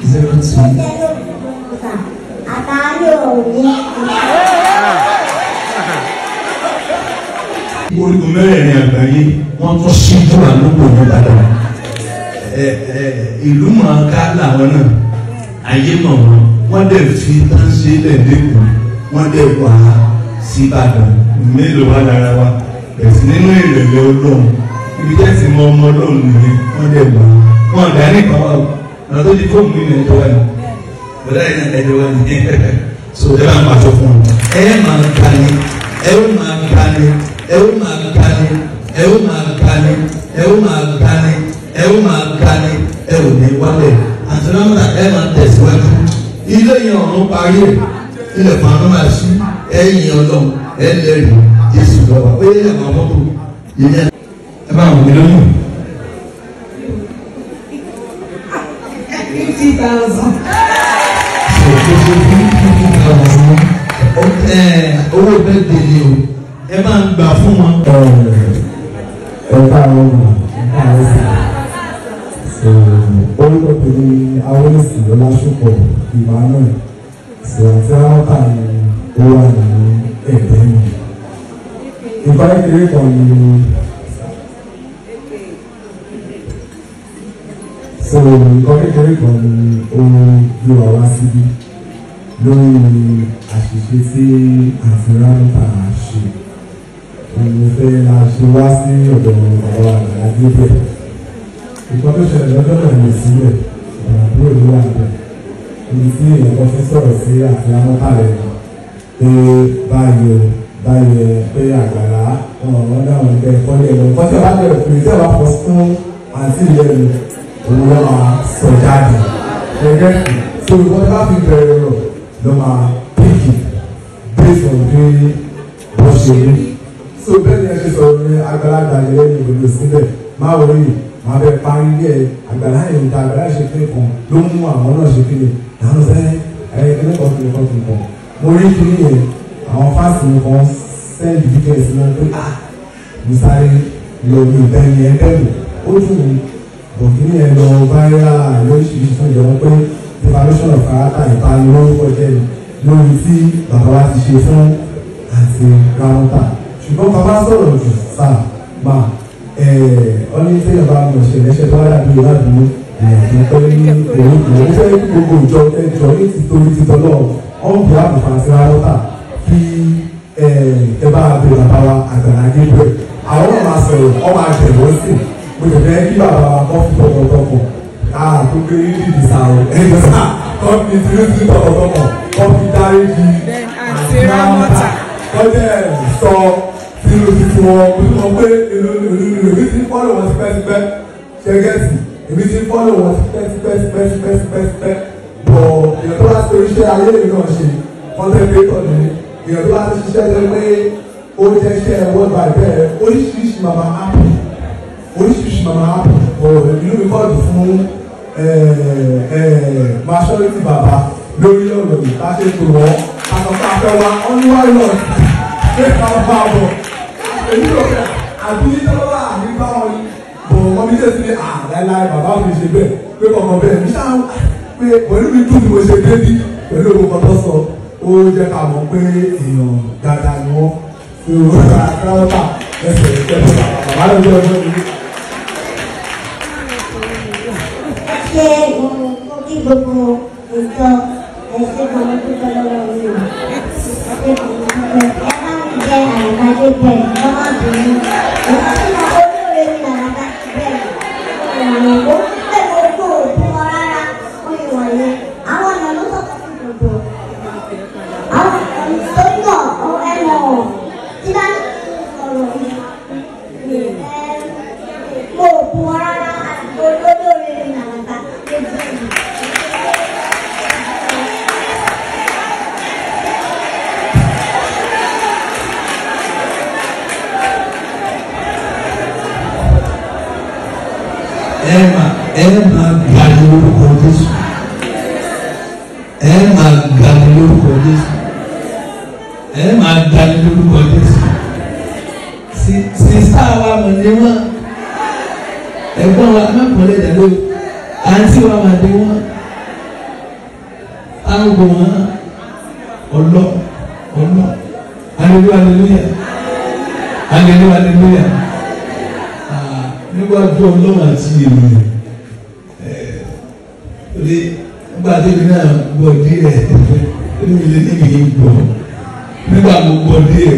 zero two. orígun mẹ́rẹ̀ẹ̀rin àgbáyé wọ́n tún ṣíjú àlùkò ní Ìbàdàn ìlú mọ̀ọ́ká làwọn náà ayé mọ̀ wọn wọ́n dẹ̀ fi tánṣe lẹ́ẹ̀dẹ́kùn wọ́n dẹ̀ wá sí Ìbàdàn mélòó wà lára wa ẹ̀sìn nínú ìrẹ̀lẹ̀ Ọlọ́run ibi tẹ́sí mọ ọmọ Ọlọ́run nìyẹn wọ́n dẹ̀ wá wọn dání kan wà wọ́n ọ̀nà tó di fóònù mi ní ẹ̀dọ́ wáyé bọ̀dá yìí ní ẹ̀dọ́ wáyé so ẹ bá máa sọ fún un. ẹ máa ka ni ẹ eh, ó máa ka ni ẹ eh, ó máa ka ni ẹ eh, ó máa ka ni ẹ ó máa ka ni ẹ ó máa ka ni ẹ ò ní wálẹ̀ àti nọ́mbà ẹ máa tẹ̀síwájú ilé yẹn ọ̀run parí ẹ̀ ilẹ̀ fanu máa sí ẹ̀yìn ọlọ́run ẹ̀ lẹ́rìí Jésù lọ́wọ́ ó yẹ àwọn ọmọ tó ẹ bá wọn lóyún. So gbogbo fún fifty thousand owó bẹ́ẹ̀ délé o ẹ máa ń gbà fún wọn. Ẹ bá wọn mọ̀ ẹ bá wọn mọ̀. Orúkọ tèmi Awolisi Ọlásùpọ̀ Emmanuel Sèwàtí Ráwọ́tà ni ó wà ní ẹ̀gbẹ́ mi. Ìbáraẹ̀kẹ́rẹ́ kan ni. so nǹkan kékeré kan ni ó gbé wa wá síbí lórí àṣìṣe tí àtìrántà ṣe òun fẹ́ la ṣe wá sí ọ̀dọ̀ ọ̀rọ̀ àgbàlá débẹ̀ nǹkan tó ṣẹlẹ̀ lọ́jọ́ náà lè sílẹ̀ ọ̀rọ̀ àbúrò ló wà bẹ̀ ibi tí èèyàn kan fi sọ̀rọ̀ sí àtìrántà rẹ̀ pé báyọ̀ báyọ̀ pé àgbàlá ọ̀rọ̀ náà ń bẹ kọ́lé ẹ̀rọ kọ́tẹ́ bá bẹ̀rẹ̀ pé ìjọba fọ́ fún àǹtí ìyẹn olùwọ́ máa sọ jáde ẹgbẹ́ tó ìwọ bá fi bẹ̀rẹ̀ rọ̀ ló máa pèkì based on bí bó ṣe rí so bẹ́ẹ̀ ni ẹ ṣe sọ̀rọ̀ ní àgbàlagbà yẹn ní òde sílẹ̀ máa wọ yìí máa bẹ parí ẹ àgbàlá yẹn ta àgbàlá ṣe pé kan ló mú àwọn náà ṣe kéde làwọn sẹ ẹ ẹlẹ́kọ̀ọ́ fi kọ́ fi kọ́ mo rí kíní yẹn àwọn fásitì mi kan sẹ́ẹ̀dì díkẹ́ sí náà pé ah mo sáré lọ mi ò bẹ́ẹ̀ ni ó dùn mí òfin yẹn lọ báyà lóríṣiríṣi ìjọba pé preparation of character ìbanilórúkọ jẹ lórí tí bàbá wa ti ṣe fún àti káwọ́tà ṣùgbọ́n bàbá sọ̀rọ̀ jù sá mà ẹ̀ ọ́ní tí ṣe tó wá dàbí ìwádìí ìyàtí pé ní òwúkọ ó fẹ́ gbogbo ìjọ ẹjọ́ ní títorí títọ́ náà ọ̀nbí àbùfàṣẹ káwọ́tà kí ẹ̀ ẹ bá bẹ bàbá wa àgbàlá gé àwọn máa sọ̀rọ̀ ọ máa bẹ̀rẹ̀ mo lè fẹ́ kí bàbá wa kọ́ fún tọkọtọkọ àà gbogbo yìí ní ìdìsá o ẹ̀jẹ̀ sá kọ́ fi tìrú sí tọkọtọkọ kọ́ fi dárí di àti rámọ́tà kọ́ dẹ̀ sọ tìrú sí fún ọ mo sọ pé èmi ti fọ́lọ̀ wọn sípẹ́sípẹ́ ṣẹ́gẹ́sì èmi ti fọ́lọ̀ wọn sípẹ́sípẹ́sípẹ́sípẹ́sípẹ́ bọ̀ ìyẹn tó bá ṣe iṣẹ́ ayé mi náà ṣe kọ́ńtẹ́pẹ́tọ̀ nìyẹn ìyẹn tó bá ṣiṣẹ́ lẹ́gbẹ́ ó jẹ́ iṣẹ́ world by bẹ́ẹ̀ oríṣiríṣi màmá ápì oríṣiríṣi mama, inú mi kọ́ọ̀dù fún masọ́lẹ́tì bàbá lórí ọ̀rọ̀ yìí bá ṣe tó wọ́ àtọ̀tọ̀ àtọ̀wà ọ̀nùwárọ̀ ṣé káwọn bá bọ̀ èyí ló fẹ́ àbí tọ́lá àbí báwọn yìí bọ̀ wọ́n mi tẹ̀sí ní àláìláì bàbá mi ṣe bẹ́ẹ̀ pé ọmọ bẹ́ẹ̀ mi ṣáà pé pẹ̀lú mi dùn ni mo ṣe dé bí pẹ̀lú owó kan tó sọ ó jẹ́ ká mọ̀ pé èèyàn dáadáa ni wọ́n fi òwúrọ̀ àtàwọn ẹsẹ̀ ìtẹ́lẹ̀ bàbá lọ́jọ́ ọjọ́ mi. che un motivo con il suo essere un tutto loro mio. Thank you. ẹ máa ga ní orúkọ Jésù ẹ máa ga ní orúkọ Jésù ẹ máa ga ní orúkọ Jésù sísá wa mọ̀ ní wọn ẹ̀gbọ́n wa mẹ́kànlẹ́ dàlú àǹtí wa mà ní wọn àgùn wọn ọlọ ọlọ hallelujah hallelujah hallelujah hallelujah ah, nígbà tó ọlọ́run àti ènìyàn rí nígbà tí èmi náà gbọ́ díẹ̀ èmi lè níbi yìí gbọ́ nígbà mo gbọ́ díẹ̀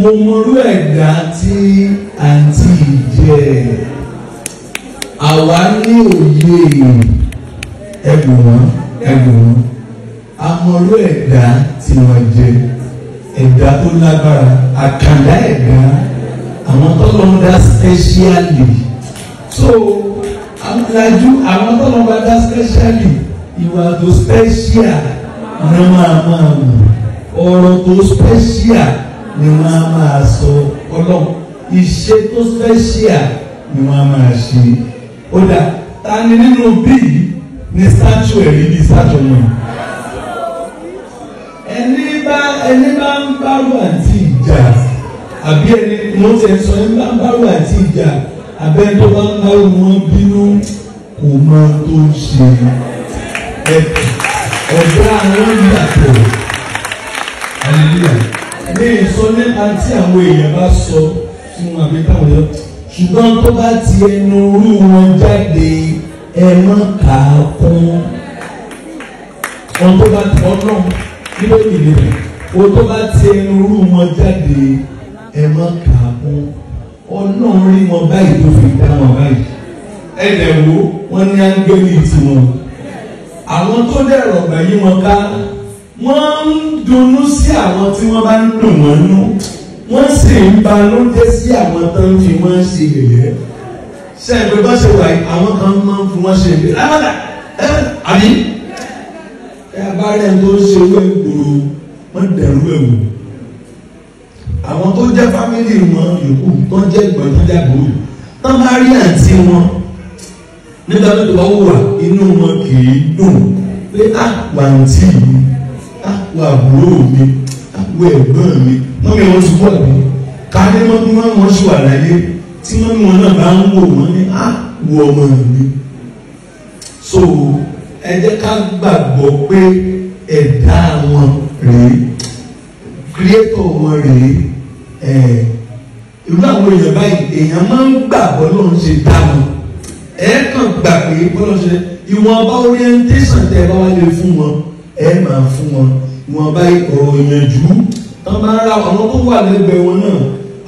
mo mọrú ẹ̀dá tí àǹtí jẹ́ àwa ní òye ẹ̀gbọ́n ẹ̀gbọ́n amọrú ẹ̀dá tí wọ́n jẹ́ ẹ̀dá tó lágbára àkàndá ẹ̀dá àwọn tó lọ́n dá specially so lajú àwọn tọ́lọ́ bá dá specially ìwà tó special ni wọ́n máa máa mú ọ̀rọ̀ tó special ni wọ́n á máa sọ ọlọ́run ìṣe tó special ni wọ́n á máa ṣe ó dà ta ni nínú bíi ni statue ẹ̀rí bíi statue náà ẹni bá ẹni bá ń bá wà tí ìjà àbí ẹni mo ti sọ ẹni bá ń bá wà tí ìjà abẹ́ tó bá ń bá wọn bínú kò mọ tó ń ṣe ọ̀dọ́ àwọn yàtọ̀ hallelujah ní ìsọ nípa tí àwọn èèyàn bá sọ fún àbí táwọn yọ ṣùgbọ́n tó bá ti ẹnu rú wọn jáde ẹ má kà á kún ohun tó bá ti ọ náà nílò ìlera ohun tó bá ti ẹnu rú wọn jáde ẹ má kà á kún ọlọ́run rí wọn báyìí tó fi dá wọn báyìí ẹ̀dẹ̀ wo wọ́n ní áńgẹ́lì tiwọn àwọn tó dẹ̀rọ̀ gbà yí wọn ká wọ́n ń dunnú sí àwọn tí wọ́n bá ń dùn wọ́n nú wọ́n sì ń banújẹ́ sí àwọn tó ń fi wọ́n ṣe yẹ̀yẹ́ sẹ́yìn bá ṣe wà àwọn kan máa ń fi wọ́n ṣe yẹ̀yẹ́ lábàdà ẹ àbí ẹ bá rẹ̀ tó ń ṣe owó ìgboro wọ́n dẹ̀rú ẹ̀wò àwọn tó jẹ́ fámìlì wọn yòókù tó jẹ́ ìgbọ̀n tó jẹ́ àbúrò tó máa rí àǹtí wọn nígbà tó bá wà inú wọn kì í dùn pé àpò àǹtí mi àpò àbúrò mi àpò ẹ̀gbọ́n mi wọ́n mi wọ́n sùpọ̀ mi káyé wọn bí wọ́n wọ́n sùn àlàyé tí wọ́n mi wọn náà bá ń wò wọ́n ní àpò ọmọ mi. so ẹ jẹ́ ká gbàgbọ́ pé ẹ̀dá wọn rèé kírétọ̀ wọn rèé irú àwọn èèyàn báyìí èèyàn máa ń gbà bọ́lọ́run ṣe dáhùn ẹ kàn gbà pé bọ́lọ́run ṣe ìwọ̀nba orientation tẹ́ bá wá lè fún wọn ẹ máa fún wọn ìwọ̀nba ọ̀rọ̀ ìyànjú wọ́n máa ń ra àwọn tó wà lẹ́gbẹ̀ẹ́ wọn náà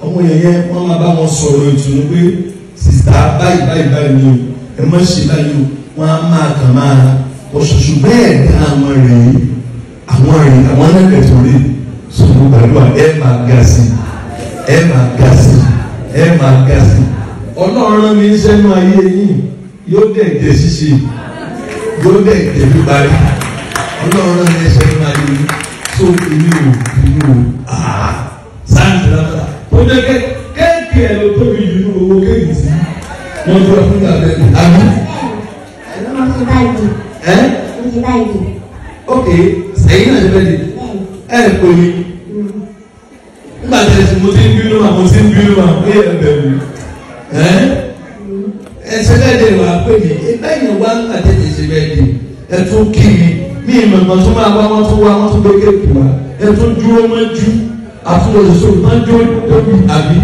àwọn èèyàn yẹn wọ́n máa bá wọn sọ̀rọ̀ ìtùnú pé sìtá báyìí báyìí báyìí ni o ẹ má ṣe báyìí o wọ́n á máa kàn máa kọ ṣoṣo bẹ́ẹ̀ ní àwọn rèé àwọn rèé àwọn ẹlẹ́gbẹ̀ẹ́ tó rí sọ̀rọ̀ gbàdúrà ẹ máa ga sí i ẹ máa ga sí ẹ máa ga sí ọlọ́run mi sẹ́nu ayé yìí yóò dẹ̀ dẹ̀ ṣíṣe yóò dẹ̀ dẹ̀ píparí ọlọ́run mi sẹ́nu ayé yìí tó inú o inú o àá sáǹtì lábàlá tó dé kéèké ẹ̀ ló tóbi jù ú owó kéèké sí wọ́n tó fún ìgbà bẹ́ẹ̀ ni ló máa ju àtúnlọ̀sọ̀sọ̀ máa jó tóbi àbí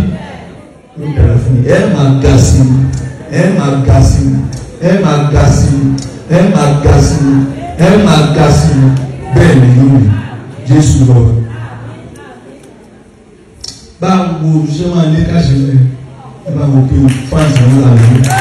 ẹ máa ga sí i ẹ máa ga sí i ẹ máa ga sí i ẹ máa ga sí i ẹ máa ga sí i bẹ́ẹ̀ ni yóò rí Jésù lọ. báwo ṣé máa ní káṣí rẹ ẹ máa wò pé fáǹsì ńlá rẹ.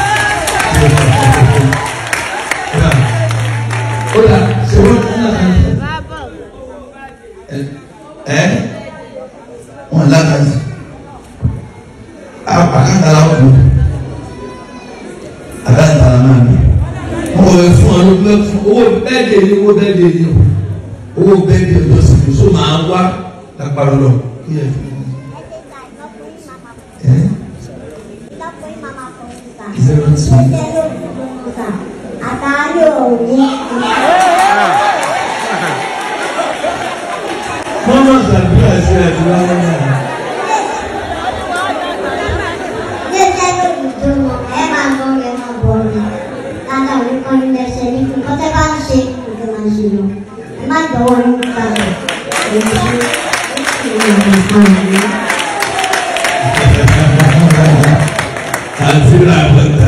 bẹ́ẹ̀dẹ̀ ní owó bẹ́ẹ̀dẹ̀ ní owó bẹ́ẹ̀dẹ̀ lọ sí i so máa wá lápárọ̀ lọ kí ẹ fi ní. zero two. Mọ́mọ́ ṣàdúrà sí àdúrà lọ́wọ́. Thank you. promise I'm the one Thank you. Thank you.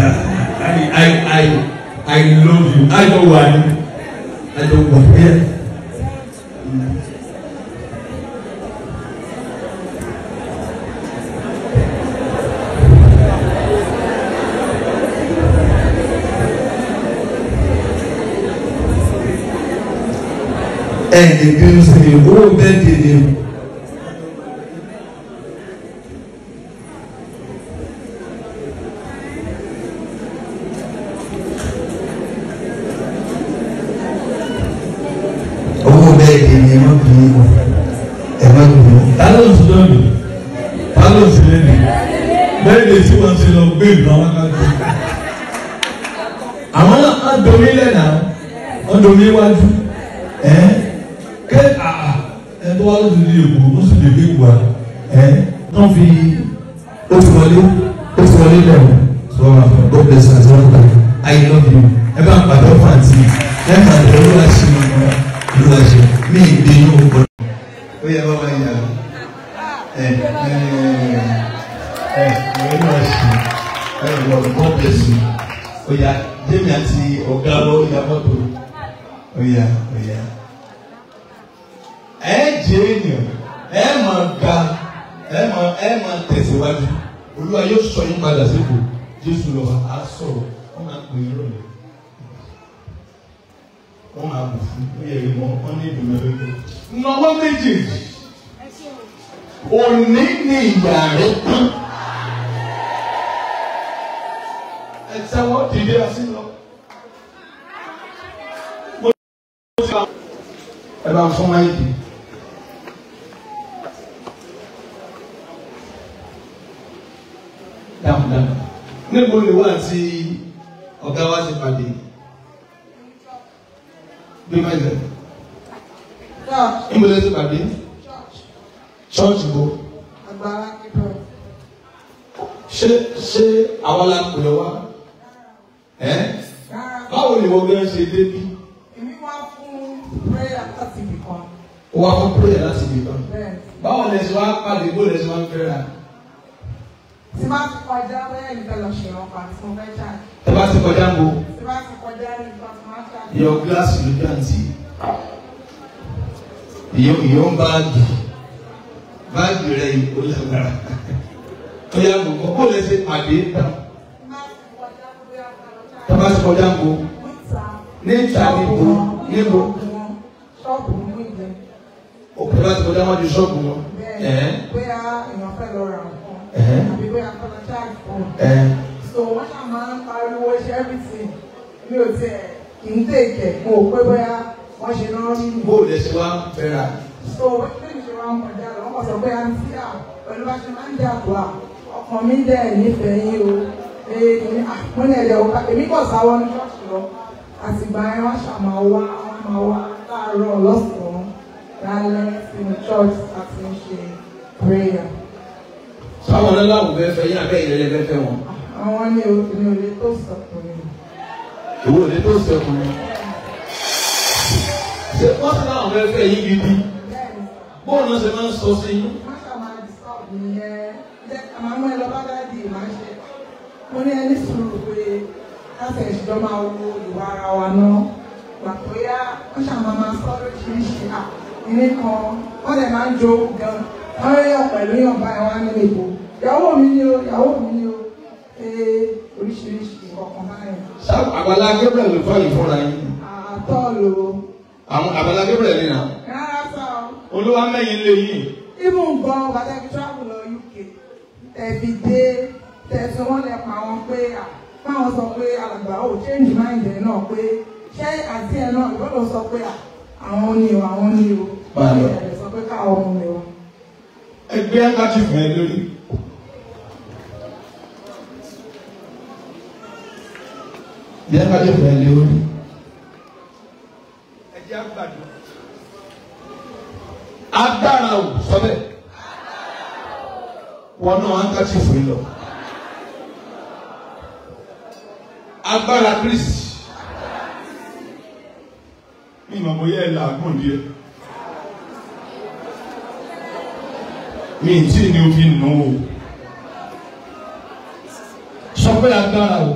I, I, I, I love you. I don't want, I don't want. ẹ̀ẹ́dẹ̀ bínú sí ni Who bẹ́ẹ̀ dì ní o. owó bẹ́ẹ̀ dì ní ẹ̀mọ́ bínú ẹ̀mọ́ bínú. ta ló ń sọ lónìí ta ló ń sọ lónìí bẹ́ẹ̀ lè tí wọ́n ti lọ gbé ìlú àwọn akáàkiri àwọn adomi lẹ́nà ọdọmi wájú. ìbò ó sì lè dé ìwà ẹ̀ wọ́n fi ó ti wọlé ó ti wọlé lẹ́wọ̀ sọ wà fún God bless I love you ẹ bá ń pàdé ọ̀fọ̀ àti ẹ máa lọ olúwa ṣe mọ́ olúwa ṣe mí ìdè inú ọkọ̀ ó yẹ wọ́n máa yà ẹ lọ God bless you ó ẹ jẹ́ ènìyàn ẹ máa ga ẹ máa ẹ máa tẹ̀síwájú olúwa yóò sọ yín padà sípò jésù lọ á sọ̀rọ̀ wọ́n máa pè é rọ̀lẹ́ wọ́n máa bù fún ó yẹ ìmọ̀ wọ́n ní ìdùnnú lóko. nọwọ́ méjèèjì òní ni ìyá rẹ̀ kú. ẹ tẹ́wọ́ dìde àti lọ. ẹ bá fún wa yìí. níbo ni wọ́n àti ọ̀gá wa ti pàdé bí má yẹ níbo ni wọ́n ti pàdé ṣọ́ọ̀ṣì bò ṣé ṣé àwa la pè ọ́ wá ẹ́ báwo ni wọ́n gbé ṣe débi. èmi wá fún prayer láti ibì kan. wá fún prayer láti ibì kan. báwo lẹ ṣe wá pàdé bó lẹ ṣe wá ń fẹ́ra tí bá ti kọjá bẹ́ẹ̀ ní bẹ́ẹ̀ lọ ṣe wọn pa tí mo fẹ́ ṣáà. ẹ bá ti kọjá mo. tí bá ti kọjá ní ìgbà tí wọ́n ṣáà. ìyọ gíláàsì ló dáǹtì ìyọ ìyọ ń báàgì báàgì rẹ ìkó lágbára ó yà mọ kó lè ṣe pàdé tán. tí bá ti kọjá mo. níta níbo níbo. ṣọ́ọ̀bù mú ìgbẹ́. òkè bá ti kọjá wọn ju ṣọ́ọ̀bù wọn. bẹ́ẹ̀ bóyá èèyàn fẹ́ lọ rà charge for. so when a man ń wash everything mi ò tiẹ̀ kì í tèkẹ̀ mo ò pé bóyá wọ́n ṣe náà nínú. bó o lè ṣe wá fẹ́ra. so bí mi ṣe wá ń kọjá lọ wọ́n kọ̀ sọ pé àǹtí à pẹ̀lú bá ṣe máa ń dàgbà ọkàn mi dẹ̀ nífẹ̀ẹ́ yín o èmi àpọ́nlẹ̀ ẹ̀dẹ̀ ọ̀ka èmi kọ̀ sáwọ́ ní ṣọ́ọ̀ṣì lọ àtìgbà yẹn wọ́n ṣáà máa wá wọ́n máa wá láàárọ̀ lọ́sàn-án lálẹ́ sínú church àti ń ṣe prayer sáwọn ọlọ́láwọ̀ bẹ́ẹ̀ fẹ́ yín abẹ́ ìrẹ́lẹ̀ bẹ́ẹ̀ fẹ́ wọn. àwọn ni òní òní tó sọkùnrin. òwò òní tó sọkùnrin. ṣé wọ́n ti láwọn bẹ́ẹ̀ fẹ́ yín gidi bóun náà ṣe máa ń sọ sí yín. wọ́n ṣàmà dìsọ́ọ̀bù yẹn jẹ́ àmọ́ ẹ lọ bá dáàdì máa ṣe mo ní ẹni sùúrù pé láti ẹ̀ṣọ́ máa wo ìwà ara wa náà gbàgbóyá wọ́n ṣàmà máa sọ lóríṣiríṣi à ìní kan wọ́n dẹ̀ máa ń jó gan-an wọ́n rí ọ̀pọ̀ ìlú yọ̀ǹba ẹ̀ wá nílé ìbò ìyàwó mi ni o ìyàwó mi ni o ee oríṣiríṣi ọkàn báyìí. ṣá àgbàlá Gabriel ló fọ́ọ̀lù fúnra yín. àtọ́ lo. àwọn àgbàlá Gabriel ni nà. rárá sá o. olúwa mẹ́yìn lé yìí. ibù ń gbọ́ pàtàkì travel lọ UK ẹ̀bí dé tẹ̀sán wọn lẹ pa wọn pé fáwọn sọ pé alàgbà ò change mind ẹ̀ náà pé ṣé àti ẹ̀ náà ìgbọ́dọ̀ sọ pé àwọn ni o àwọn ni o. báyọ̀ ẹ̀ sọ pé káwọn ọmọ mi wá ẹgbẹ́ láti fẹ́ lórí. bí ẹ bá lè fẹ́ lé orí. agbára o sọbẹ wọn náà ń kàtí fún yín lọ. agbára kristi mi mọ̀ bóyá ẹ̀ làágùn díẹ̀. mi tí ni o fi nù o sọ pé agbára o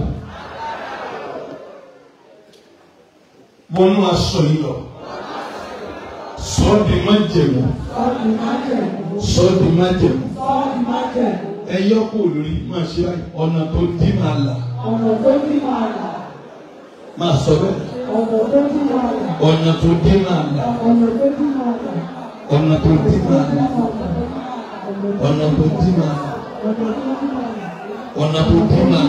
wọnú aṣọ yìí lọ sọ di májẹ̀mú sọ di májẹ̀mú ẹ yọ kó lórí máa ṣe báyìí ọ̀nà tó dín máa ọ̀nà tó dín máa là máa sọ bẹ́ẹ̀ ọ̀nà tó dín máa là ọ̀nà tó dín máa là ọ̀nàbòdìmà ọ̀nàbòdìmà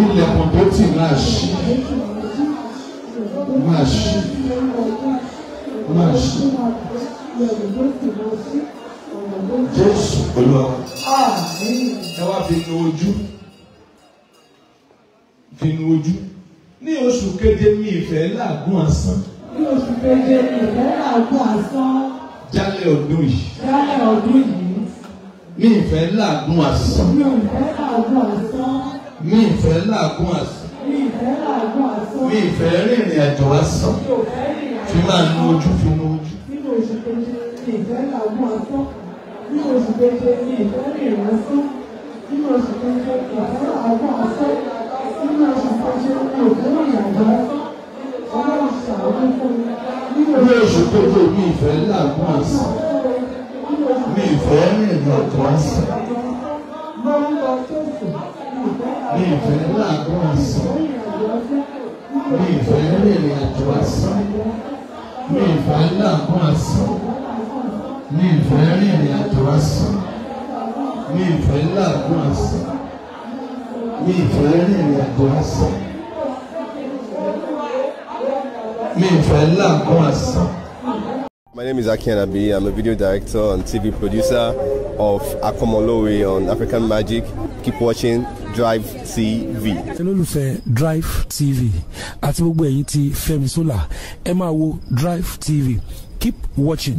ilẹ̀kùn tó tì máa ṣí máa ṣí máa ṣí jésù olúwa ẹ wá fi nu ojú fi nu ojú ní oṣù keje mi ìfẹ́ làágùn asán. ní oṣù keje mi ìfẹ́ làágùn asán jálẹ̀ ọdún yìí. jálẹ̀ ọdún yìí. mi ìfẹ́ làágùn àsán. mi ìfẹ́ làágùn àsán. mi ìfẹ́ làágùn àsán. mi ìfẹ́ làágùn àsán. mi ìfẹ́ rìnrìn àjò àsán. fi máa nu ojú fi nu ojú. nínú oṣù keje mi ìfẹ́ làágùn àsán. nínú oṣù keje mi ìfẹ́ rìnrìn àsán. nínú oṣù keje mi ìfẹ́ làágùn àsán. nínú oṣù keje mi ìfẹ́ rìnrìn àjò àsán. ọlọ́run ṣàwọn fún mi bí oṣù kejì mi ìfẹ́ làgùn àṣà mi ìfẹ́ rìn ọ̀tọ̀ àṣà mi ìfẹ́ làgùn àṣà mi ìfẹ́ rìn àjò àṣà mi ìfẹ́ làgùn àṣà mi ìfẹ́ rìn àjò àṣà mi ìfẹ́ làgùn àṣà mi ìfẹ́ rìn àjò àṣà. My name is Aki Anabi. I'm a video director and TV producer of Akomolowe on African Magic. Keep watching Drive TV. Olólùfẹ́ Drive TV àti gbogbo ẹ̀yin ti Fẹ́mi Sola, ẹ máa wo Drive TV. Keep watching.